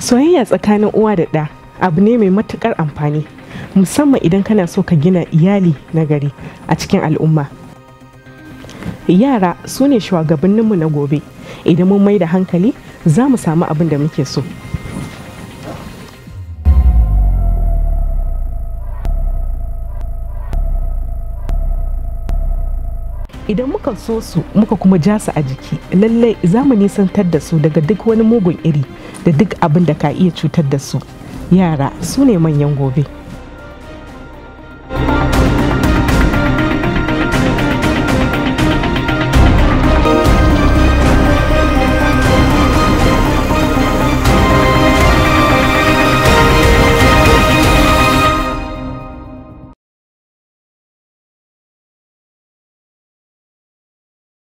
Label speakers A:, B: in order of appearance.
A: soyayya tsakanin uwa da ɗa abu ne mai matukar amfani musamman idan kana so ka gina iyali na gari a cikin al'umma yara su ne shugabanninmu na gobe idan mun mai da hankali za mu samu abin da muke so idan muka so su muka kuma ja su a jiki lallai za mu nisantar da su daga duk wani mugun iri da duk abin da ka iya cutar da su yara su ne manyan gobe.